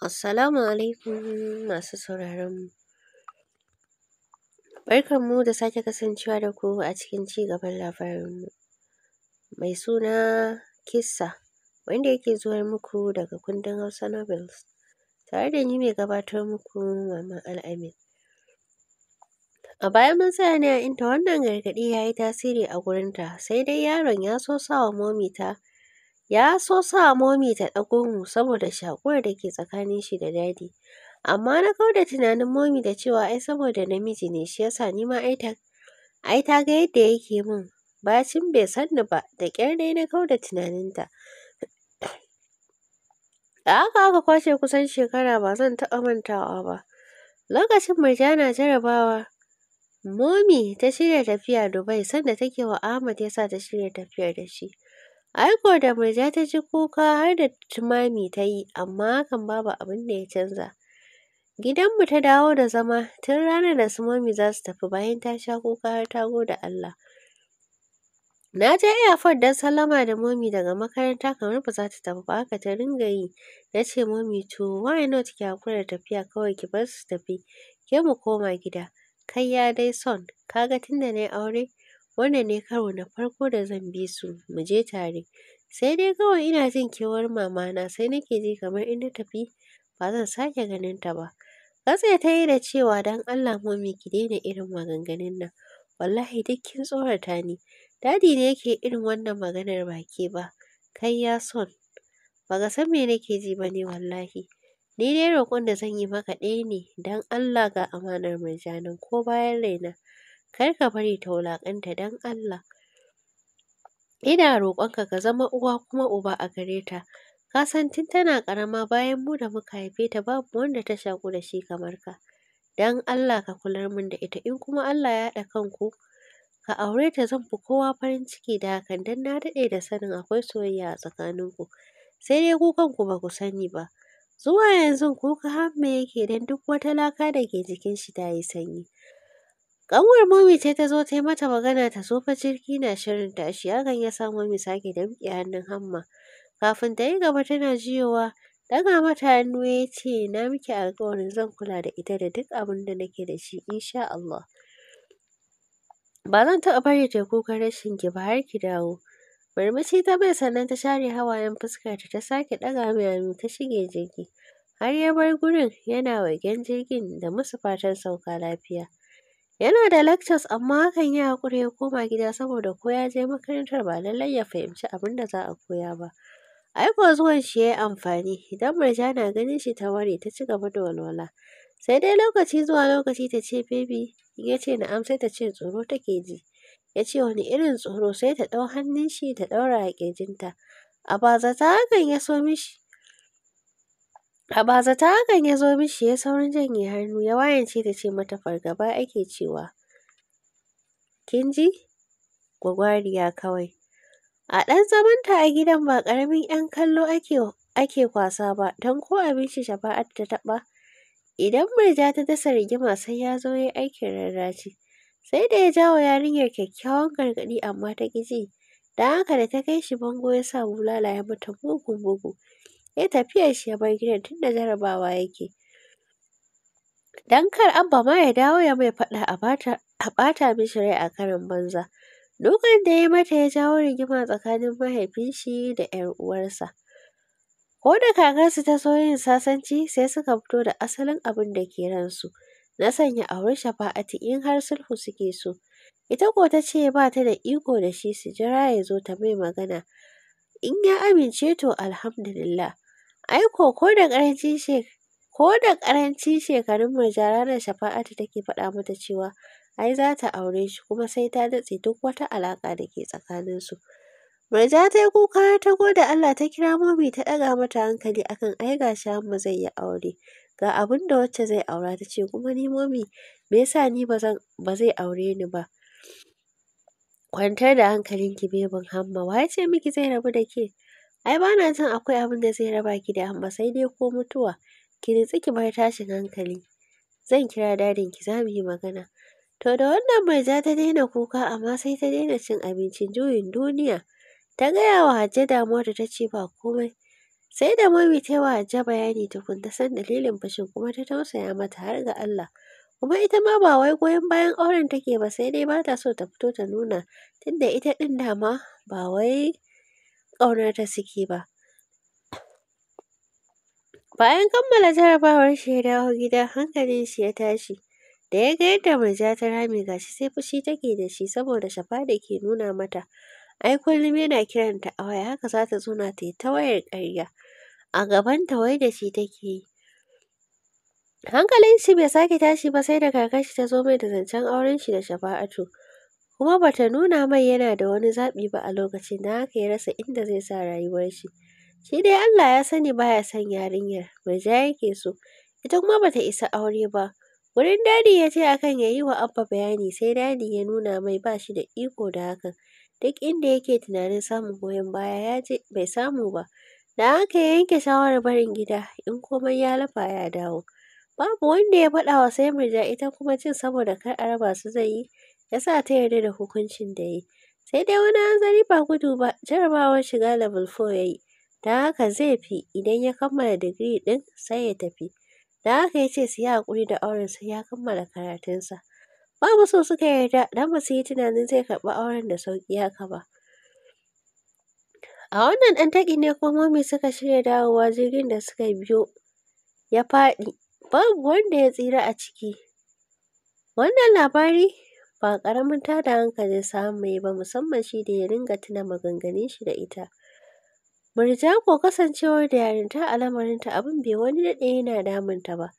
Assalamu alaikum masu sauraron mu. Barkan mu da sake kasancewa da ku a cikin ci gaban labarin Mai suna Kissa wanda yake zuwa muku daga kundin Hausa Novels tare da ni mai gabatar muku mama Al'amin. A baya mun tsaya ne a inda wannan gargaɗi ya yi tasiri a gurinta sai dai yaron ya so sa wa momita ta Ya so sa Momi ta ɗago mu saboda shaƙuwar da ke tsakanin shi da Dadi. Amma na kauda tunanin Momi da cewa ai saboda namiji ne shi yasa ni ma ai ta ai ta ga yadda yake min bacin bai sanni ba da ƙyar dai na kauda da tunaninta. Da haka aka kwashe kusan shekara ba zan taɓa mantawa ba. Lokacin Murjana jarabawa Momi ta shirya tafiya Dubai sanda take wa Ahmad yasa ta shirya tafiyar da shi. Aiko da Murja ta ji kuka har da tumami ta yi, amma hakan babu abin da ya canza. Gidanmu ta dawo da zama tun ranar da su Mami za su tafi bayan ta sha kuka har ta gode Allah. Na je airport don salama da Mami daga makaranta kamar ba za ta tafi ba haka ta ringa yi. Na ce momi to why not ki hakura tafiya kawai ki bar su tafi, ke mu koma gida. Kai ya dai son, ka ga tunda na yi aure Wannan ne karo na farko da zan bi su mu je tare. Sai dai kawai ina jin kewar mama na sai nake ji kamar in na tafi ba zan sake ganin ta ba. Katse ta yi da cewa dan Allah mu me ki daina irin maganganun nan. Wallahi duk kin tsorata ni. Dadi ne yake irin wannan maganar baki ba. Kai ya son. Ba ka san me nake ji ba ne wallahi. Ni dai roƙon da zan yi maka ɗaya ne dan Allah ga amanar mai janan ko bayan raina. kar ka bari ta wulaƙanta don Allah. Ina roƙonka ka zama uwa kuma uba a gare ta. Ka san tun tana ƙarama bayan mu da muka haife ta babu wanda ta shaƙu da shi kamar ka. Don Allah ka kular min da ita in kuma Allah ya haɗa kanku ka aure ta zan fi kowa farin ciki da hakan don na daɗe da sanin akwai soyayya a tsakaninku. Sai dai ku kanku ba ku sani ba. Zuwa yanzu ko ka hamme yake don duk wata laka da ke jikin shi ta yi sanyi. Ƙanwar Momi ce ta zo ta yi mata magana ta so fa jirgi na shirin tashi hakan ya sa Momi sake damƙe hannun Hamma. Kafin ta yi gaba tana jiyowa ɗaga mata hannu ya ce na miki alƙawarin zan kula da ita da duk abin da nake da shi insha Allah. Ba zan taɓa bari ta kuka rashin ki ba har ki dawo. Murmushi ta bai sannan ta share hawayen fuskarta ta sake ɗaga mai hannu ta shige jirgi. Har ya bar gurin yana wagen jirgin da musu fatan sauka lafiya. Yana da lectures amma hakan ya hakuri ya koma gida saboda ko ya je makarantar ba lallai ya fahimci abin da za a koya ba. Aiko zuwan shi ya yi amfani, idan Murja na ganin shi ta ware ta ci gaba da walwala. Sai dai lokaci zuwa lokaci ta ce baby, ya ce na ta ce tsoro take ji. Ya ce wani irin tsoro sai ta ɗau hannun shi ta ɗaura a ƙirjinta. A bazata hakan ya so mishi. A bazata hakan ya zo mishi ya saurin janye hannu ya wayance ta ce mata fargaba ake cewa. Kin ji? Gwagwariya kawai. A ɗan zamanta a gidan ba ƙaramin 'yan kallo ake kwasa ba don ko abinci shafa'at ta taɓa. Idan murja ta dasa rigima sai ya zo ya aikin rarraci. Sai da ya jawo yarinyar kyakkyawan gargaɗi amma ta ƙi ji. Don haka da ta kai shi bango ya sa bulala ya mata mugun bugu. Ya eh, tafiyar shi ya bar gidan tunda jarabawa yake. Dan kar Abba ma ya dawo ya mai faɗa a ɓata mishi rai a karin banza. Dukan da ya mata ya jawo rigima tsakanin mahaifin shi da 'yar uwarsa. Ko da kakarsu ta so yin sasanci sai suka fito da asalin abin da ke ransu. Na sanya auren shafa'ati in har sulhu suke so. Ita ko ta ce ba ta da iko da shi su jira ya zo ta mai magana. in ya amince to alhamdulillah. Ai ko ko da ƙaranci shekarun Marja ranar Shafa'atu take faɗa mata cewa ai za ta aure shi kuma sai ta datse duk wata alaƙa da ke tsakaninsu. Murja ta yi kuka ta gode Allah ta kira Mami ta ɗaga mata hankali akan ai ga shi zai yi aure. Ga abin da wacce zai aura ta ce kuma ni Mami, me yasa ni ba zai aure ni ba. Kwantar da hankalinki bebin Hamma, wa ya ce miki zai rabu da ke? Ai ba na jin akwai abin da zai raba ki da Hamma sai dai ko mutuwa. Ki nitsi ki bar tashin hankali. Zan kira dadin ki za mu yi magana. To da wannan mai ja ta daina kuka amma sai ta daina cin abincin juyin duniya. Ta gaya wa Hajja damuwar da ta ce ba komai. Sai da mami ta yi wa Hajja bayani tukun ta san dalilin fashin kuma ta tausaya mata har ga Allah. Kuma ita ma ba wai goyon bayan auren take ba sai dai ba ta so ta fito ta nuna tunda ita ɗin dama ba wai ƙaunar ta suke ba. Bayan kammala jarabawar shi ya dawo gida hankalin shi ya tashi. Da ya ga yadda Murja ta rame gashi sai fushi take da shi saboda shafa da ke nuna mata. Ai kullum yana kiranta a waya haka za ta na ta yi ta wayar ƙarya. A gabanta wai da shi take yi. hankalin shi bai sake tashi ba sai da kakashi ta zo mai da zancen auren shi da Shafa'atu. Kuma bata nuna mai yana da wani zaɓi ba a lokacin da haka ya rasa inda zai sa rayuwar shi. Shi dai Allah ya sani baya son yarinyar, mai ja yake so. Ita kuma bata isa aure ba. Wurin dadi ya ce akan ya yi wa Abba bayani sai dadi ya nuna mai ba shi da iko da hakan. Duk inda yake tunanin samun goyon baya ya je bai samu ba. Da haka ya yanke shawarar barin gida in komai ya lafa ya dawo. Babu wanda ya faɗa wa murja ita kuma cin saboda kar a raba su zai yi, ya sa ta yarda da hukuncin da ya yi. Sai dai wani hanzari ba gudu ba, jarrabawar shiga Level 4 ya yi, don haka zai fi idan ya kammala digiri ɗin sai ya tafi. Don haka ya ce su yi haƙuri da auren sai ya kammala karatunsa. Babu so suka yarda don ba su yi tunanin zai karɓi auren da sauƙi haka ba. A wannan ɗan taƙi ne kuma Mami suka shirya dawowa jirgin da suka biyo ya faɗi babu wanda ya tsira a ciki. Wannan labari ba ƙaramin tada hankalin samu yi ba musamman shi da ya ringa tuna maganganun shi da ita. Murja ko kasancewar da yarinta a lamarinta abin bai wani daɗe yana ta ba.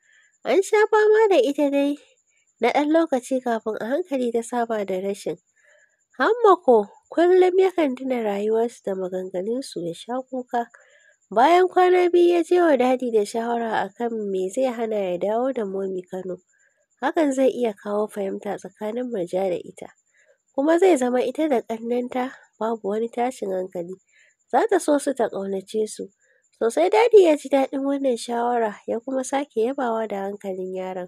An sha fama da ita dai na ɗan lokaci kafin a hankali ta saba da rashin. Hamma kullum yakan tuna rayuwarsu da maganganunsu ya sha kuka. Bayan kwana biyu ya je wa Dadi da shawara a kan me zai hana ya dawo da Momi Kano, hakan zai iya kawo fahimta tsakanin Murja da ita, kuma zai zama ita da ƙannenta babu wani tashin hankali, za ta so su ta ƙaunace su. Sosai Dadi ya ji daɗin wannan shawara ya kuma sake yabawa da hankalin yaron.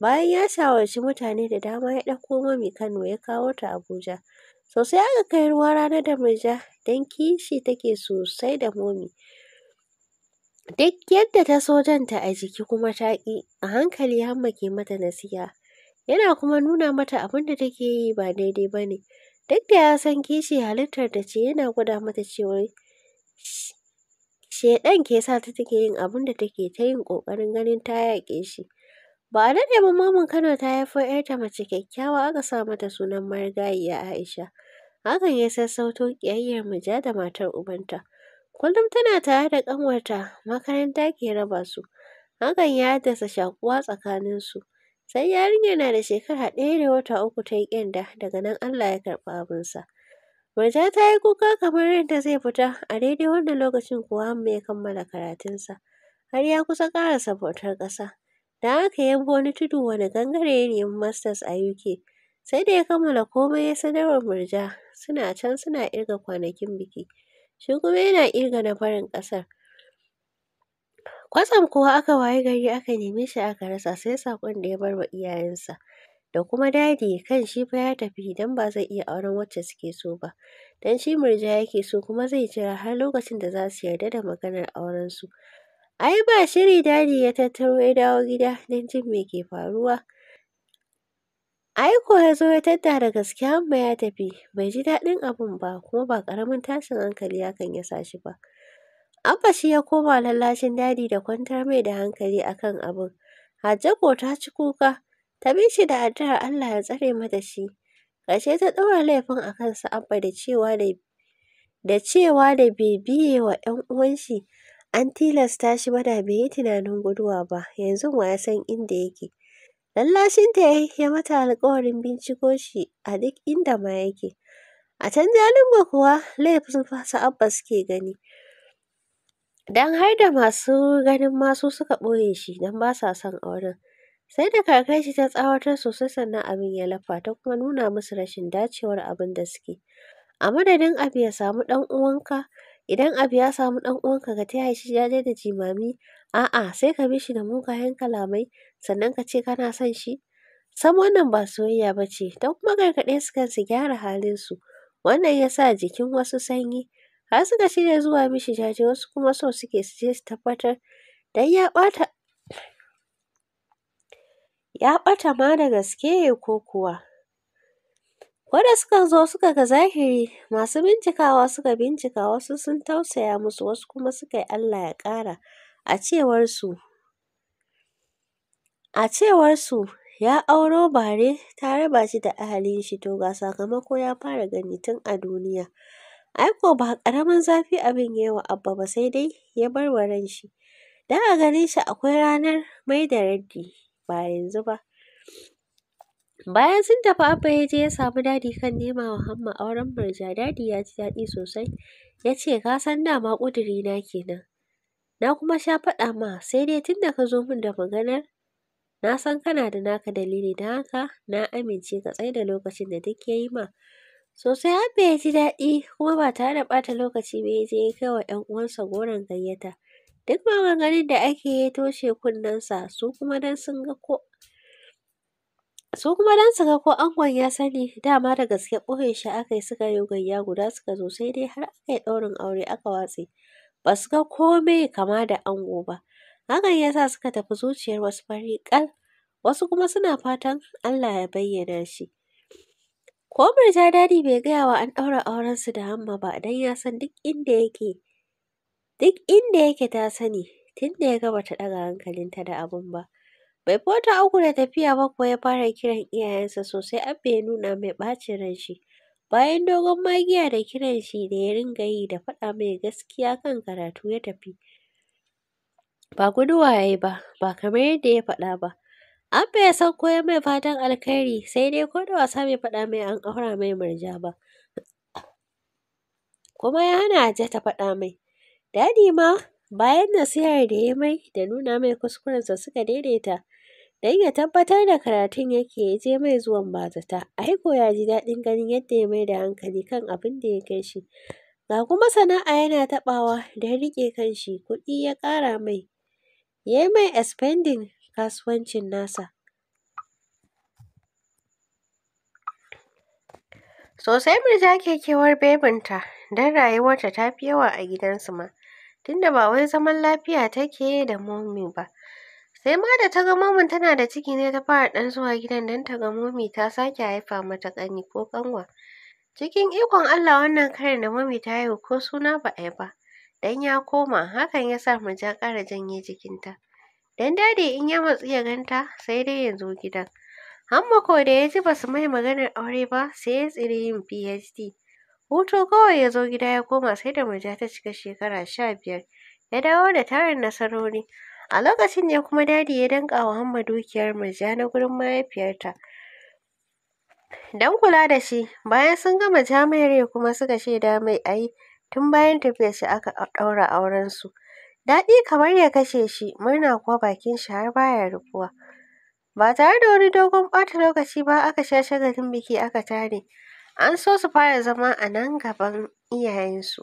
Bayan ya shawarci mutane da dama ya ɗauko Momi Kano ya kawo ta Abuja. Sosai aka kai ruwa rana da Murja don kishi take sosai da Momi. Duk yadda ta so janta a jiki kuma ta ƙi, a hankali Hamma ke mata nasiha, yana kuma nuna mata abin da take yi ba daidai ba ne. Duk da ya san kishi halittar ta ce yana gwada mata cewa shaiɗan ke sa ta take yin abin da take ta yin ƙoƙarin ganin ta yaƙe shi. Ba a daɗe ba Maman Kano ta haifo ‘yarta mace kyakkyawa aka sa mata sunan marigayiya Aisha. Hakan ya sassauto ƙiyayyar Mija da matar ubanta. Kullum tana tare da ƙanwarta, makaranta ke raba su, hakan ya haddasa shaƙuwa su Sai yarinyar na da shekara ɗaya da wata uku ta yi ƙyanda, daga nan Allah ya karɓi abinsa. Murja ta yi kuka kamar yadda zai fita, a daidai wannan lokacin kuwa Amma ya kammala karatunsa, har ya kusa ƙarasa bautar ƙasa. Da haka ya bi wani tudu wani gangare ya nemi masters a UK. Sai da ya kammala komai ya sanarwar Murja, suna can suna ƙirga kwanakin biki. shi kuma yana ƙirga na farin ƙasar. Kwatsam kuwa aka waye gari aka neme shi aka rasa sai saƙon da ya bar wa iyayensa da kuma dadi kan shi fa ya tafi idan ba zai iya auren wacce suke so ba dan shi murja yake so kuma zai jira har lokacin da za su yarda da maganar aurensu. Ai ba shiri dadi ya tattaro ya dawo gida don jin me ke faruwa. aiko ya zo ya tadda da gaske Hamma ya tafi, bai ji daɗin abin ba kuma ba ƙaramin tashin hankali hakan ya sa shi ba. Abba shi ya koma lallashin dadi da kwantar mai da hankali akan abin. Hajjago ta ci kuka, ta bi shi da addu'ar Allah ya tsare mata shi. kashe ta ɗora laifin a kansa Abba da cewa da da cewa da bai biye wa ‘yan uwan shi an tilasta shi ba da bai yi tunanin guduwa ba, yanzu wa ya san inda yake. Lallashinta ta yi ya mata alƙawarin binciko shi a duk inda ma yake. A can Jalingo kuwa laifin fasa Abba suke gani, don har da masu ganin masu suka ɓoye shi don ba sa son auren. Sai da kakar shi ta tsawatar sosai sannan abin ya lafa ta kuma nuna musu rashin dacewar abin da suke. A madadin abu ya samu dan uwanka, idan abu ya samu dan uwanka ka taya shi jaje da jimami, a'a sai ka bi shi da mugayen kalamai. sannan ka ce kana son shi? Sam wannan ba soyayya ba ce, don kuma gargaɗe su kan su gyara halinsu. Wannan ya sa jikin wasu sanyi, har suka shirya zuwa mishi jaje wasu kuma so suke su je su tabbatar don ya ɓata ya ɓata ma da gaske ko kuwa. Wanda suka zo suka ga zahiri masu bincikawa suka bincika wasu sun tausaya musu wasu kuma suka yi Allah ya ƙara a cewarsu A cewarsu, ya auro bare ta raba shi da ahalin shi to ga sakamako ya fara gani tun a duniya. Aiko ba ƙaramin zafi abin yawa yi wa Abba ba sai dai ya bar wa shi Dan a ganin shi akwai ranar mai da raddi, ba yanzu ba. Bayan sun tafi Abba ya je ya samu Dadi kan nema wa Hamma auren Murja. Dadi ya ji daɗi sosai, ya ce ka san dama ƙudurina kenan. Na kuma sha faɗa ma sai dai tun da ka zo min da maganar Na san kana da naka dalili don haka na amince ka da lokacin da duk ya yi ma. Sosai Abba ya ji daɗi kuma ba tare da ɓata lokaci ba ya je ya kai wa ‘yan uwansa goron gayyata. Duk maganganun da ake yi toshe kunnensa su kuma don sun ga ko su kuma dan su ga ko angon ya sani dama da gaske ɓoye shi aka yi suka yi gayya guda suka zo sai dai har aka yi ɗaurin aure aka watse ba su ga komai kama da ango ba. Hakan ya sa suka tafi zuciyar wasu fari ƙal, wasu kuma suna fatan Allah ya bayyana shi. Ko Murja Dadi bai gaya wa an ɗaura aurensu da Hamma ba don ya san duk inda yake duk inda yake ta sani tun da ya ga bata ɗaga hankalinta da abun ba. Bai fota uku da tafiya ba kuwa ya fara kiran iyayensa sosai abba ya nuna mai ɓacin ran shi. Bayan dogon magiya da kiran shi da ya ringa yi da faɗa mai gaskiya kan karatu ya tafi. ba guduwa ya yi ba, ba kamar yadda ya faɗa ba. An bai san ya mai fatan alkhairi sai dai ko da wasa bai faɗa mai an aura mai murja ba. Kuma ya hana Hajja ta faɗa mai. Dadi ma bayan nasihar da ya mai da nuna mai kuskurensa suka daidaita dan ya tabbatar da karatun yake ya je mai zuwan bazata. Aiko ya ji daɗin ganin yadda ya mai da hankali kan abin da ya kai shi. Ga kuma sana'a yana taɓawa don riƙe kan shi, kuɗi ya ƙara mai. ya yi mai expanding kasuwancin nasa. Sosai Murja ke kewar bebinta don rayuwarta ta fi yawa a gidansu ma, tunda ba wai zaman lafiya take da momi ba. Sai ma da ta ga momin tana da ciki ne ta fara ɗan zuwa gidan don ta ga momi ta sake haifa mata kani ko ƙanwa. Cikin ikon Allah wannan karin da momi ta haihu ko suna ba a yi ba. dan ya koma hakan ya sa mu ja ƙara janye jikinta dan dadi in ya matsu ya ganta sai dai ya zo gidan hamma da ya ji basu mai maganar aure ba sai ya tsiri yin phd hutu kawai ya zo gida ya koma sai da ja ta cika shekara sha biyar ya dawo da tarin nasarori a lokacin ne kuma dadi ya danƙa wa hamma dukiyar ja na gurin mahaifiyarta dan kula da shi bayan sun gama jami'ar kuma suka shaida mai ai tun bayan tafiyar shi aka ɗaura auren su. Daɗi kamar ya kashe shi, murna kuwa bakin shi har baya rufuwa. Ba tare da wani dogon ɓata lokaci ba aka sha shagalin biki aka tare. An so su fara zama a nan gaban iyayensu,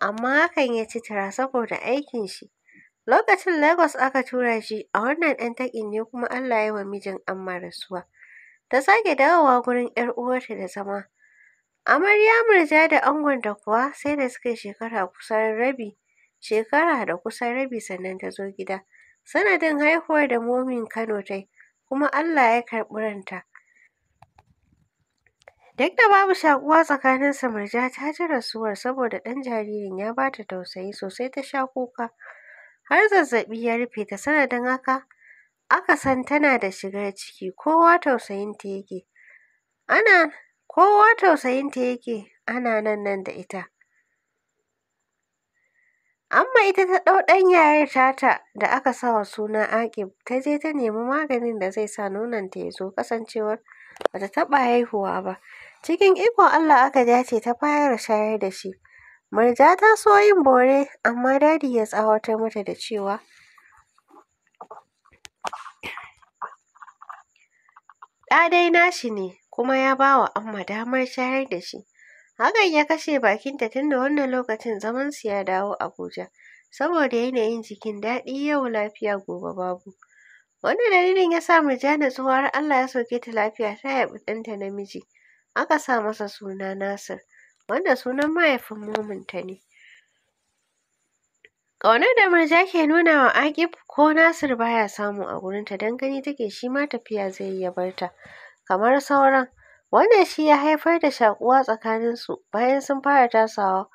amma hakan ya ci tura saboda aikin shi. Lokacin Lagos aka tura shi, a wannan ɗan taƙin ne kuma Allah ya yi wa mijin Amma rasuwa. Ta sake dawowa gurin 'yar uwarta da zama, Amarya Murja da angonta kuwa sai da suka yi shekara kusan rabi shekara da kusan rabi sannan ta zo gida. Sanadin haihuwar da momin Kano ta yi kuma Allah ya karɓi ranta. Duk da babu shakuwa tsakaninsu Murja ta ji rasuwar saboda ɗan jaririn ya ba ta tausayi sosai ta sha kuka. Har zazzaɓi ya rufe ta sanadin haka aka san tana da shigar ciki kowa tausayinta yake. Ana kowa tausayinta yake ana nan nan da ita amma ita ta ɗau ɗan yayar tata da aka sa suna aƙib ta je ta nemi maganin da zai sa nonon ta ya zo kasancewar ba ta taɓa haihuwa ba cikin ikon Allah aka dace ta fara shayar da shi Marja ta so yin bore amma dadi ya tsawatar mata da cewa ɗa dai nashi ne kuma ya ba wa Amma damar shayar da shi. Hakan ya kashe bakinta tunda wannan lokacin zaman su ya dawo Abuja, saboda yanayin jikin daɗi yau lafiya gobe babu. Wannan dalilin ya sa Murjana tsohuwar Allah ya soke ta lafiya ta yabi ɗanta namiji, aka sa masa suna Nasir, wanda sunan mahaifin ta ne. Ƙaunar da Murja ke nuna wa Aƙib ko Nasir baya samu a gurinta don gani take shi ma tafiya zai yi ya bar kamar sauran. Wannan shi ya haifar da shaƙuwa su bayan sun fara tasawa.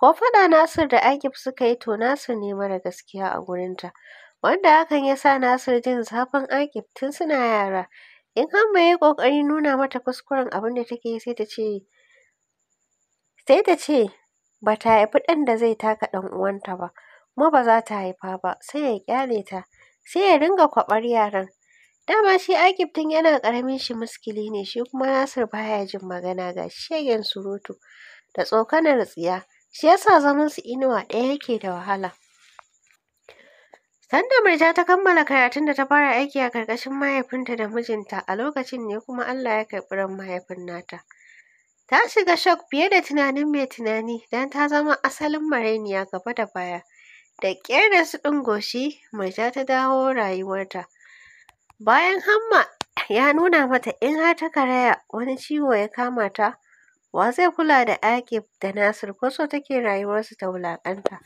Ko faɗa Nasir da Agib suka yi to Nasir ne mara gaskiya a gurinta, wanda hakan ya sa Nasir jin zafin Agib tun suna yara. In Hamma bai yi ƙoƙarin nuna mata kuskuren abin da take yi sai ta ce sai ta ce ba ta haifi ɗan da zai taka ɗan uwanta ba, kuma ba za ta haifa ba, sai ya ƙyale ta, sai ya dinga kwaɓar yaran. Dama shi Akif din yana ƙaramin shi muskili ne, shi kuma Nasir baya jin magana ga shegen surutu da tsokanar tsiya, shi yasa zaman su inuwa ɗaya yake da wahala. Sanda Murja ta kammala karatun da ta fara aiki a ƙarƙashin mahaifinta da mijinta a lokacin ne kuma Allah ya karɓi ran mahaifin nata. Ta shiga shock fiye da tunanin mai tunani don ta zama asalin marainiya gaba da baya. Da ƙyar da su ɗingoshi, Murja ta dawo rayuwarta. Bayan Hamma ya nuna mata in har ta karaya wani ciwo ya kama ta, wa zai kula da Aƙib da Nasir ko so take rayuwarsu ta wulaƙanta.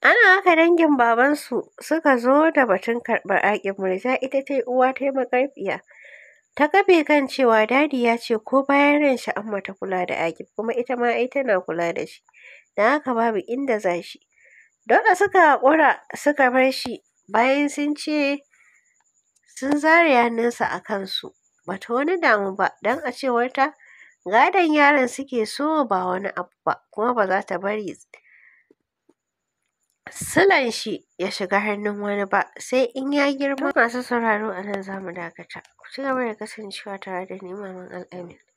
Ana haka dangin babansu suka zo da batun karɓar Aƙib Murja ita ta yi uwa ta yi makarfiya. Ta kafe kan cewa dadi ya ce ko bayan ran shi amma ta kula da Aƙib kuma ita ma ai tana kula da shi. Da haka babu inda za shi. Dole suka haƙura suka bar shi bayan sun ce sun zare hannunsa a kansu. Ba ta wani damu ba don a cewarta gadon yaron suke so ba wani abu ba kuma ba za ta bari silan shi ya shiga hannun wani ba sai in ya girma. Masu sauraro a nan za mu dakata. Ku ci gaba da kasancewa tare da neman Al'amin.